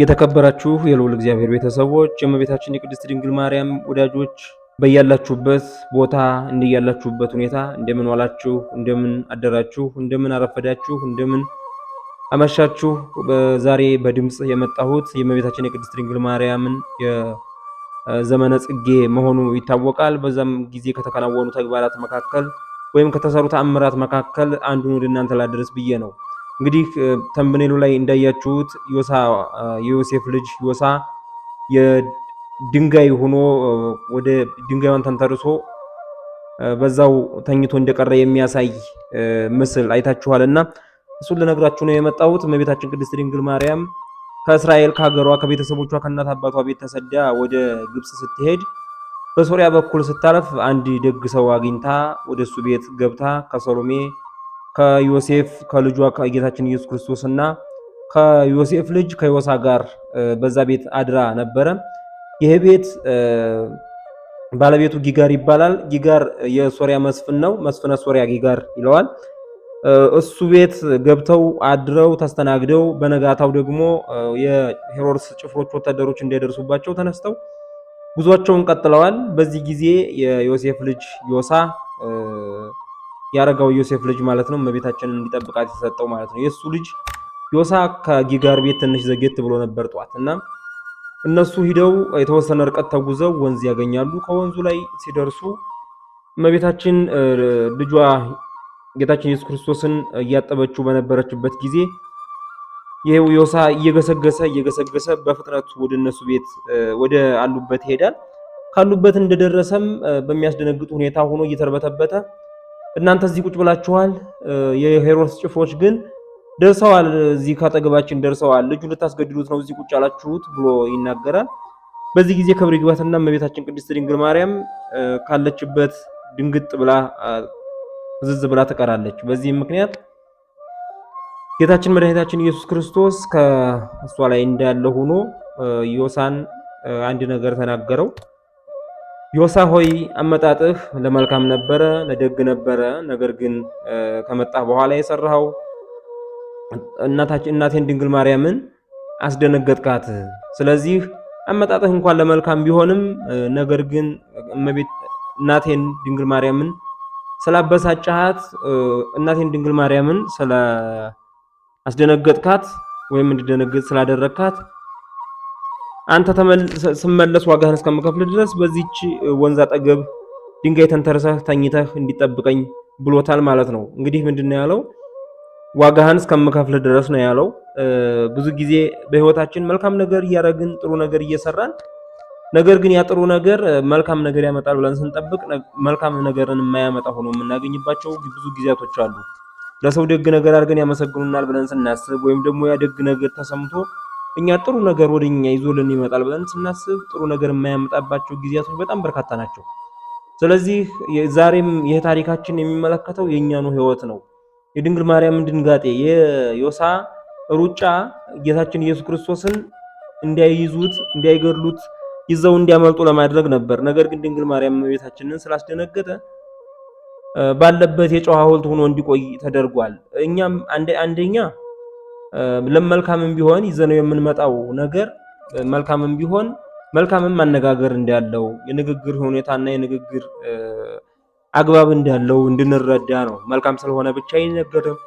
የተከበራችሁ የልዑል እግዚአብሔር ቤተሰቦች፣ የእመቤታችን የቅድስት ድንግል ማርያም ወዳጆች በያላችሁበት ቦታ እንደያላችሁበት ሁኔታ እንደምን ዋላችሁ፣ እንደምን አደራችሁ፣ እንደምን አረፈዳችሁ፣ እንደምን አመሻችሁ። ዛሬ በድምፅ የመጣሁት የእመቤታችን የቅድስት ድንግል ማርያምን የዘመነ ጽጌ መሆኑ ይታወቃል። በዛም ጊዜ ከተከናወኑ ተግባራት መካከል ወይም ከተሰሩ ተአምራት መካከል አንዱን ወደ እናንተ ላደረስ ብዬ ነው። እንግዲህ ተምብኔሉ ላይ እንዳያችሁት ዮሳ የዮሴፍ ልጅ ዮሳ የድንጋይ ሆኖ ወደ ድንጋዩን ተንተርሶ በዛው ተኝቶ እንደቀረ የሚያሳይ ምስል አይታችኋልና እሱን ልነግራችሁ ነው የመጣሁት። እመቤታችን ቅድስት ድንግል ማርያም ከእስራኤል ከሀገሯ ከቤተሰቦቿ ከእናት አባቷ ቤት ተሰዳ ወደ ግብፅ ስትሄድ በሶሪያ በኩል ስታለፍ አንድ ደግ ሰው አግኝታ ወደ እሱ ቤት ገብታ ከሰሎሜ ከዮሴፍ ከልጇ ከጌታችን ኢየሱስ ክርስቶስ እና ከዮሴፍ ልጅ ከዮሳ ጋር በዛ ቤት አድራ ነበረ። ይህ ቤት ባለቤቱ ጊጋር ይባላል። ጊጋር የሶሪያ መስፍን ነው። መስፍነ ሶሪያ ጊጋር ይለዋል። እሱ ቤት ገብተው አድረው ተስተናግደው በነጋታው ደግሞ የሄሮድስ ጭፍሮች ወታደሮች እንዳይደርሱባቸው ተነስተው ጉዟቸውን ቀጥለዋል። በዚህ ጊዜ የዮሴፍ ልጅ ዮሳ ያረጋው ዮሴፍ ልጅ ማለት ነው እመቤታችንን እንዲጠብቃት የተሰጠው ማለት ነው። የእሱ ልጅ ዮሳ ከጊጋር ቤት ትንሽ ዘጌት ብሎ ነበር ጠዋት እና እነሱ ሂደው የተወሰነ ርቀት ተጉዘው ወንዝ ያገኛሉ። ከወንዙ ላይ ሲደርሱ እመቤታችን ልጇ ጌታችን ኢየሱስ ክርስቶስን እያጠበችው በነበረችበት ጊዜ ይሄው ዮሳ እየገሰገሰ እየገሰገሰ በፍጥነት ወደ እነሱ ቤት ወደ አሉበት ይሄዳል። ካሉበት እንደደረሰም በሚያስደነግጥ ሁኔታ ሆኖ እየተርበተበተ እናንተ እዚህ ቁጭ ብላችኋል። የሄሮድስ ጭፍሮች ግን ደርሰዋል፣ እዚህ ካጠገባችን ደርሰዋል፣ ልጁ ልታስገድሉት ነው እዚህ ቁጭ አላችሁት ብሎ ይናገራል። በዚህ ጊዜ ክብር ይግባትና እመቤታችን ቅድስት ድንግል ማርያም ካለችበት ድንግጥ ብላ ዝዝ ብላ ትቀራለች። በዚህም ምክንያት ጌታችን መድኃኒታችን ኢየሱስ ክርስቶስ ከእሷ ላይ እንዳለ ሆኖ ዮሳን አንድ ነገር ተናገረው። ዮሳ ሆይ አመጣጥህ ለመልካም ነበረ፣ ለደግ ነበረ። ነገር ግን ከመጣህ በኋላ የሰራኸው እናታችን እናቴን ድንግል ማርያምን አስደነገጥካት። ስለዚህ አመጣጥህ እንኳን ለመልካም ቢሆንም ነገር ግን እመቤት እናቴን ድንግል ማርያምን ስላበሳጫሃት እናቴን ድንግል ማርያምን ስለ አስደነገጥካት ወይም እንድደነገጥ ስላደረግካት አንተ ስመለስ ዋጋህን እስከምከፍል ድረስ በዚች ወንዝ አጠገብ ድንጋይ ተንተርሰህ ተኝተህ እንዲጠብቀኝ ብሎታል ማለት ነው። እንግዲህ ምንድን ነው ያለው? ዋጋህን እስከምከፍል ድረስ ነው ያለው። ብዙ ጊዜ በህይወታችን መልካም ነገር እያደረግን ጥሩ ነገር እየሰራን ነገር ግን ያጥሩ ነገር መልካም ነገር ያመጣል ብለን ስንጠብቅ መልካም ነገርን የማያመጣ ሆኖ የምናገኝባቸው ብዙ ጊዜያቶች አሉ። ለሰው ደግ ነገር አድርገን ያመሰግኑናል ብለን ስናስብ ወይም ደግሞ ያ ደግ ነገር ተሰምቶ እኛ ጥሩ ነገር ወደ እኛ ይዞልን ይመጣል ብለን ስናስብ ጥሩ ነገር የማያመጣባቸው ጊዜያቶች በጣም በርካታ ናቸው። ስለዚህ ዛሬም ይህ ታሪካችን የሚመለከተው የእኛኑ ህይወት ነው። የድንግል ማርያምን ድንጋጤ፣ የዮሳ ሩጫ ጌታችን ኢየሱስ ክርስቶስን እንዳይይዙት እንዳይገድሉት ይዘው እንዲያመልጡ ለማድረግ ነበር። ነገር ግን ድንግል ማርያም ቤታችንን ስላስደነገጠ ባለበት የጨዋ ሐውልት ሆኖ እንዲቆይ ተደርጓል። እኛም አንደኛ ለመልካምም ቢሆን ይዘነው የምንመጣው ነገር መልካምም ቢሆን መልካምም አነጋገር እንዳለው የንግግር ሁኔታና የንግግር አግባብ እንዳለው እንድንረዳ ነው። መልካም ስለሆነ ብቻ አይነገርም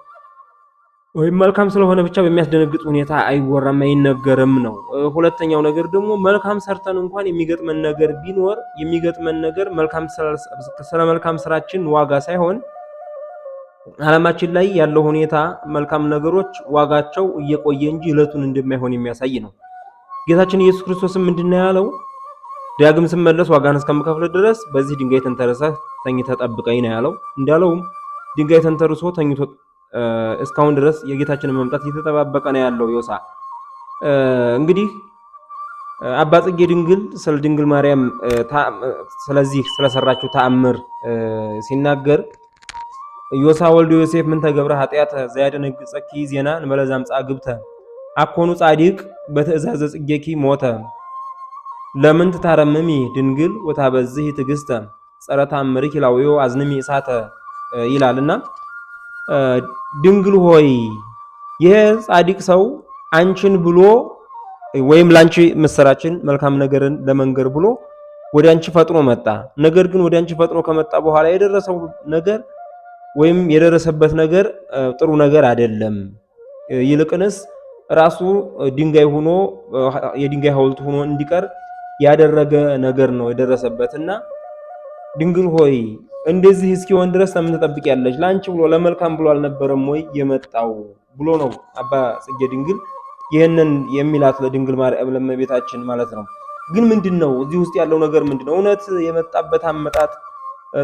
ወይም መልካም ስለሆነ ብቻ በሚያስደነግጥ ሁኔታ አይወራም አይነገርም ነው። ሁለተኛው ነገር ደግሞ መልካም ሰርተን እንኳን የሚገጥመን ነገር ቢኖር የሚገጥመን ነገር መልካም ስለ መልካም ስራችን ዋጋ ሳይሆን ዓለማችን ላይ ያለው ሁኔታ መልካም ነገሮች ዋጋቸው እየቆየ እንጂ እለቱን እንደማይሆን የሚያሳይ ነው። ጌታችን ኢየሱስ ክርስቶስም ነው ያለው? ዳግም ስመለስ ዋጋን እስከምከፍል ድረስ በዚህ ድንጋይ ተንተረሰ ተኝ ጠብቀኝ ነው ያለው። እንዳለውም ድንጋይ ተንተርሶ ተኝቶ እስካሁን ድረስ የጌታችንን መምጣት እየተጠባበቀ ነው ያለው። ዮሳ እንግዲህ አባ ጽጌ ድንግል ስለ ድንግል ማርያም ስለዚህ ስለሰራችው ተአምር ሲናገር ኢዮሳ ወልዶ ዮሴፍ ምን ተገብረ ኃጢአተ ዘያደነግጸኪ ዜና እንበለዛ ምጻ ግብተ አኮኑ ጻዲቅ በትእዛዘ ጽጌኪ ሞተ ለምን ትታረምሚ ድንግል ወታበዝህ ትግስተ ጸረታ ምሪክ ላውዮ አዝንሚ እሳተ ይላልና ድንግል ሆይ ይሄ ጻዲቅ ሰው አንቺን ብሎ ወይም ላንቺ ምስራችን መልካም ነገርን ለመንገር ብሎ ወደ አንቺ ፈጥኖ መጣ። ነገር ግን ወደ አንቺ ፈጥኖ ከመጣ በኋላ የደረሰው ነገር ወይም የደረሰበት ነገር ጥሩ ነገር አይደለም። ይልቅንስ ራሱ ድንጋይ ሆኖ የድንጋይ ሐውልት ሆኖ እንዲቀር ያደረገ ነገር ነው የደረሰበትና ድንግል ሆይ እንደዚህ እስኪሆን ድረስ ለምን ትጠብቂያለሽ? ለአንቺ ብሎ ለመልካም ብሎ አልነበረም ወይ የመጣው ብሎ ነው አባ ጽጌ ድንግል ይህንን የሚላት ለድንግል ማርያም ለመቤታችን ማለት ነው። ግን ምንድን ነው እዚህ ውስጥ ያለው ነገር ምንድን ነው? እውነት የመጣበት አመጣጥ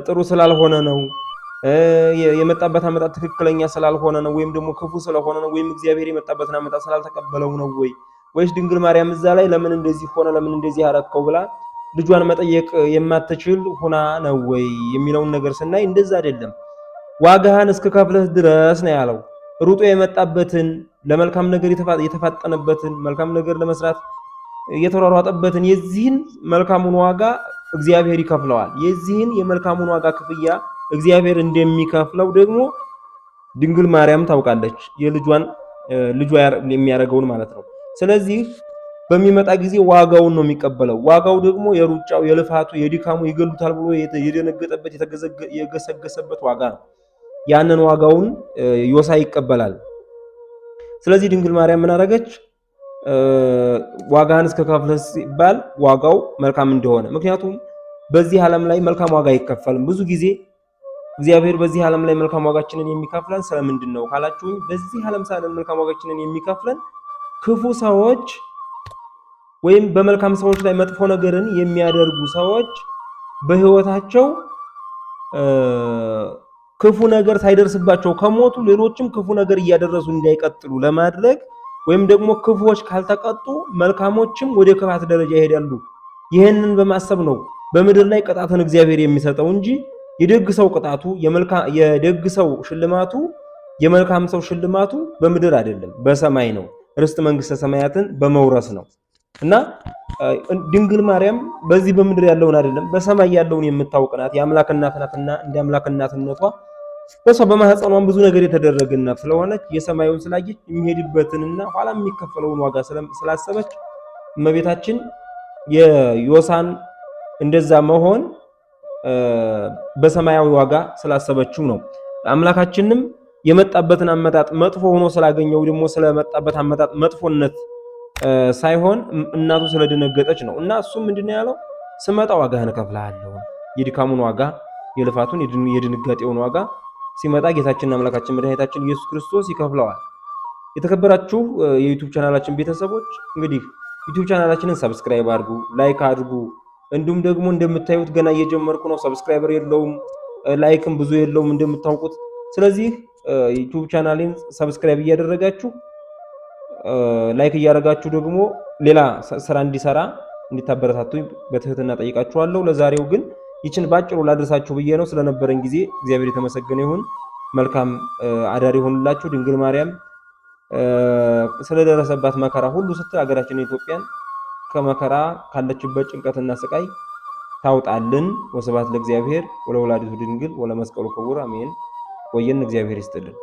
ጥሩ ስላልሆነ ነው የመጣበት አመጣት ትክክለኛ ስላልሆነ ነው ወይም ደግሞ ክፉ ስለሆነ ነው ወይም እግዚአብሔር የመጣበትን አመጣት ስላልተቀበለው ነው ወይ ወይስ ድንግል ማርያም እዛ ላይ ለምን እንደዚህ ሆነ ለምን እንደዚህ አረከው ብላ ልጇን መጠየቅ የማትችል ሆና ነው ወይ የሚለውን ነገር ስናይ እንደዛ አይደለም። ዋጋህን እስከ ከፍለህ ድረስ ነው ያለው። ሩጦ የመጣበትን ለመልካም ነገር የተፋጠነበትን መልካም ነገር ለመስራት የተሯሯጠበትን የዚህን መልካሙን ዋጋ እግዚአብሔር ይከፍለዋል። የዚህን የመልካሙን ዋጋ ክፍያ እግዚአብሔር እንደሚከፍለው ደግሞ ድንግል ማርያም ታውቃለች፣ የልጇን ልጇ የሚያደርገውን ማለት ነው። ስለዚህ በሚመጣ ጊዜ ዋጋውን ነው የሚቀበለው። ዋጋው ደግሞ የሩጫው፣ የልፋቱ፣ የድካሙ ይገሉታል ብሎ የደነገጠበት የገሰገሰበት ዋጋ ነው። ያንን ዋጋውን ዮሳ ይቀበላል። ስለዚህ ድንግል ማርያም ምን አደረገች? ዋጋን እስከከፍለስ ሲባል ዋጋው መልካም እንደሆነ ምክንያቱም በዚህ ዓለም ላይ መልካም ዋጋ አይከፈልም ብዙ ጊዜ እግዚአብሔር በዚህ ዓለም ላይ መልካም ዋጋችንን የሚከፍለን ስለምንድን ነው ካላችሁኝ፣ በዚህ ዓለም ሳለን መልካም ዋጋችንን የሚከፍለን ክፉ ሰዎች ወይም በመልካም ሰዎች ላይ መጥፎ ነገርን የሚያደርጉ ሰዎች በህይወታቸው ክፉ ነገር ሳይደርስባቸው ከሞቱ ሌሎችም ክፉ ነገር እያደረሱ እንዳይቀጥሉ ለማድረግ ወይም ደግሞ ክፉዎች ካልተቀጡ መልካሞችም ወደ ክፋት ደረጃ ይሄዳሉ። ይህንን በማሰብ ነው በምድር ላይ ቅጣትን እግዚአብሔር የሚሰጠው እንጂ የደግ ሰው ቅጣቱ የደግ ሰው ሽልማቱ የመልካም ሰው ሽልማቱ በምድር አይደለም በሰማይ ነው፣ ርስት መንግስተ ሰማያትን በመውረስ ነው። እና ድንግል ማርያም በዚህ በምድር ያለውን አይደለም በሰማይ ያለውን የምታውቅ ናት። የአምላክ እናት ናትና እንደ አምላክ እናትነቷ በሷ በማህፀኗም ብዙ ነገር የተደረገናት ስለሆነች የሰማዩን ስላየች የሚሄድበትንና ኋላ የሚከፈለውን ዋጋ ስላሰበች እመቤታችን የዮሳን እንደዛ መሆን በሰማያዊ ዋጋ ስላሰበችው ነው። አምላካችንም የመጣበትን አመጣጥ መጥፎ ሆኖ ስላገኘው ደግሞ ስለመጣበት አመጣጥ መጥፎነት ሳይሆን እናቱ ስለደነገጠች ነው። እና እሱም ምንድነው ያለው? ስመጣ ዋጋህን እከፍልሃለሁ። የድካሙን ዋጋ፣ የልፋቱን፣ የድንጋጤውን ዋጋ ሲመጣ ጌታችንና አምላካችን መድኃኒታችን ኢየሱስ ክርስቶስ ይከፍለዋል። የተከበራችሁ የዩቲዩብ ቻናላችን ቤተሰቦች እንግዲህ ዩቲዩብ ቻናላችንን ሰብስክራይብ አድርጉ፣ ላይክ አድርጉ እንዲሁም ደግሞ እንደምታዩት ገና እየጀመርኩ ነው። ሰብስክራይበር የለውም፣ ላይክም ብዙ የለውም እንደምታውቁት። ስለዚህ ዩቲዩብ ቻናሌን ሰብስክራይብ እያደረጋችሁ ላይክ እያደረጋችሁ ደግሞ ሌላ ስራ እንዲሰራ እንዲታበረታቱ በትህትና ጠይቃችኋለሁ። ለዛሬው ግን ይችን ባጭሩ ላድርሳችሁ ብዬ ነው። ስለነበረን ጊዜ እግዚአብሔር የተመሰገነ ይሁን። መልካም አዳር ይሆንላችሁ። ድንግል ማርያም ስለደረሰባት መከራ ሁሉ ስትል ሀገራችንን ኢትዮጵያን ከመከራ ካለችበት ጭንቀትና ስቃይ ታውጣልን። ወስብሐት ለእግዚአብሔር ወለወላዲቱ ድንግል ወለመስቀሉ ክቡር አሜን። ቆየን። እግዚአብሔር ይስጥልን።